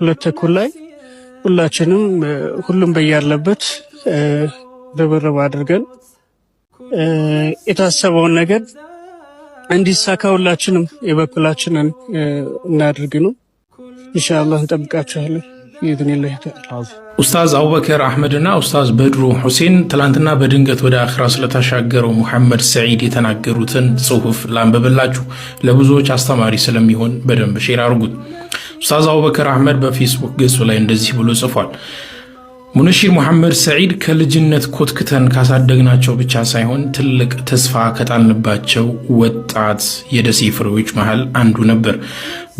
ሁለት ተኩል ላይ ሁላችንም ሁሉም በያለበት ርብርብ አድርገን የታሰበውን ነገር እንዲሳካ ሁላችንም የበኩላችንን እናድርግ ነው። ኢንሻአላህ እንጠብቃችኋለን። ኡስታዝ አቡበከር አህመድና ኡስታዝ በድሩ ሁሴን ትላንትና በድንገት ወደ አኽራ ስለተሻገረው ሙሐመድ ሰዒድ የተናገሩትን ጽሑፍ ላንብብላችሁ። ለብዙዎች አስተማሪ ስለሚሆን በደንብ ሼር አርጉት። ኡስታዝ አቡበከር አህመድ በፌስቡክ ገጹ ላይ እንደዚህ ብሎ ጽፏል። ሙነሺር ሙሐመድ ሰዒድ ከልጅነት ኮትክተን ካሳደግናቸው ብቻ ሳይሆን ትልቅ ተስፋ ከጣልንባቸው ወጣት የደሴ ፍሬዎች መሃል አንዱ ነበር።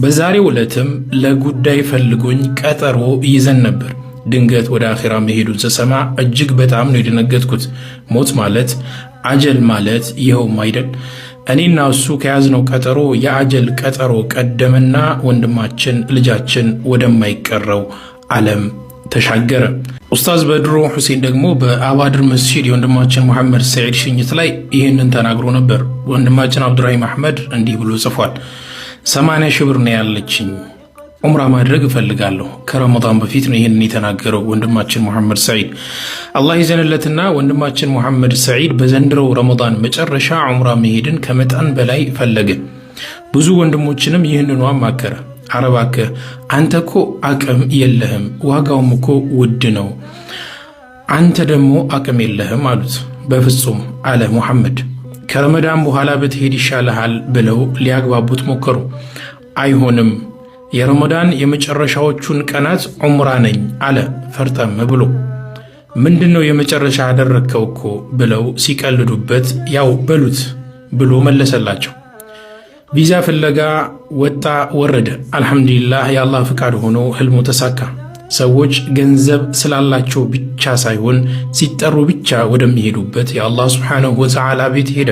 በዛሬው ዕለትም ለጉዳይ ፈልጎኝ ቀጠሮ ይዘን ነበር። ድንገት ወደ አኼራ መሄዱን ስሰማ እጅግ በጣም ነው የደነገጥኩት። ሞት ማለት አጀል ማለት ይኸውም አይደል? እኔና እሱ ከያዝነው ቀጠሮ የአጀል ቀጠሮ ቀደመና ወንድማችን ልጃችን ወደማይቀረው ዓለም ተሻገረ። ኡስታዝ በድሮ ሁሴን ደግሞ በአባድር መስጂድ የወንድማችን መሐመድ ሰዒድ ሽኝት ላይ ይህንን ተናግሮ ነበር። ወንድማችን አብዱራሂም አሕመድ እንዲህ ብሎ ጽፏል። ሰማንያ ሺህ ብር ነው ያለችኝ ዑምራ ማድረግ እፈልጋለሁ። ከረመዳን በፊት ነው ይህንን የተናገረው ወንድማችን ሙሐመድ ሰዒድ አላህ ይዘንለትና። ወንድማችን ሙሐመድ ሰዒድ በዘንድረው ረመዳን መጨረሻ ዑምራ መሄድን ከመጠን በላይ ፈለገ። ብዙ ወንድሞችንም ይህንኑ አማከረ። አረባከ አንተ እኮ አቅም የለህም፣ ዋጋውም እኮ ውድ ነው። አንተ ደግሞ አቅም የለህም አሉት። በፍጹም አለ ሙሐመድ። ከረመዳን በኋላ ብትሄድ ይሻልሃል ብለው ሊያግባቡት ሞከሩ። አይሆንም የረመዳን የመጨረሻዎቹን ቀናት ዑምራ ነኝ አለ ፈርጠም ብሎ። ምንድን ነው የመጨረሻ ያደረግከው እኮ ብለው ሲቀልዱበት፣ ያው በሉት ብሎ መለሰላቸው። ቪዛ ፍለጋ ወጣ ወረደ። አልሐምዱሊላህ የአላህ ፍቃድ ሆኖ ህልሙ ተሳካ። ሰዎች ገንዘብ ስላላቸው ብቻ ሳይሆን ሲጠሩ ብቻ ወደሚሄዱበት የአላህ ስብሓንሁ ወተዓላ ቤት ሄደ።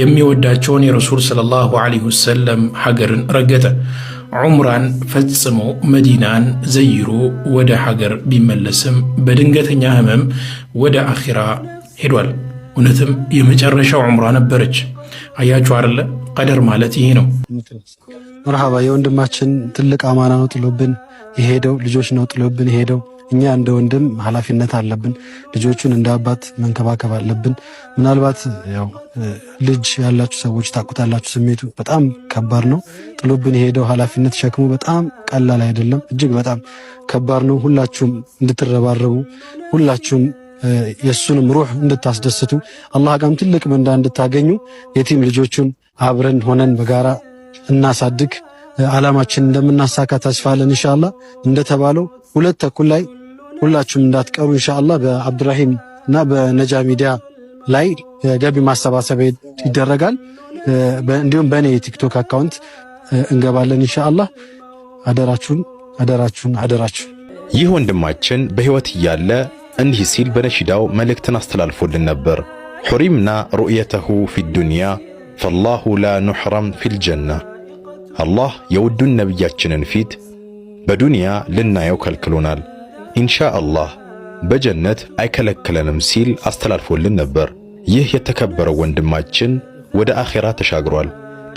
የሚወዳቸውን የረሱል ሰለላሁ ዐለይሂ ወሰለም ሀገርን ረገጠ። ዑምራን ፈጽሞ መዲናን ዘይሮ ወደ ሀገር ቢመለስም በድንገተኛ ህመም ወደ አኺራ ሄዷል። እውነትም የመጨረሻው ዑምራ ነበረች። አያችሁ አይደለ? ቀደር ማለት ይሄ ነው። መርሃባ የወንድማችን ትልቅ አማና ነው ጥሎብን የሄደው። ልጆች ነው ጥሎብን የሄደው እኛ እንደ ወንድም ኃላፊነት አለብን። ልጆቹን እንደ አባት መንከባከብ አለብን። ምናልባት ያው ልጅ ያላችሁ ሰዎች ታቁታላችሁ ስሜቱ በጣም ከባድ ነው። ጥሎብን የሄደው ኃላፊነት ሸክሙ በጣም ቀላል አይደለም። እጅግ በጣም ከባድ ነው። ሁላችሁም እንድትረባረቡ ሁላችሁም የእሱንም ሩህ እንድታስደስቱ አላህ ጋም ትልቅ ምንዳ እንድታገኙ የቲም ልጆቹን አብረን ሆነን በጋራ እናሳድግ። አላማችን እንደምናሳካ ተስፋለን። እንሻላ እንደተባለው ሁለት ተኩል ላይ ሁላችሁም እንዳትቀሩ ኢንሻአላህ በአብዱራሂም እና በነጃ ሚዲያ ላይ ገቢ ማሰባሰቢያ ይደረጋል። እንዲሁም በእኔ የቲክቶክ አካውንት እንገባለን ኢንሻአላህ። አደራችሁን አደራችሁን አደራችሁ ይህ ወንድማችን በህይወት እያለ እንዲህ ሲል በነሺዳው መልእክትን አስተላልፎልን ነበር። ሑሪምና ሩእየተሁ ፊዱንያ ፈላሁ ላ ኑሕረም ፊልጀና። አላህ የውዱን ነቢያችንን ፊት በዱንያ ልናየው ከልክሎናል ኢንሻአላህ በጀነት አይከለክለንም ሲል አስተላልፎልን ነበር። ይህ የተከበረው ወንድማችን ወደ አኼራ ተሻግሯል።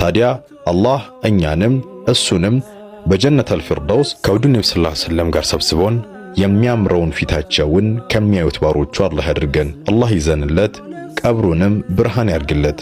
ታዲያ አላህ እኛንም እሱንም በጀነት ፊርደውስ ከውዱ ነብዩ ሰለላሁ ሰለም ጋር ሰብስቦን የሚያምረውን ፊታቸውን ከሚያዩት ባሮቹ አላህ ያድርገን። አላህ ይዘንለት፣ ቀብሩንም ብርሃን ያርግለት።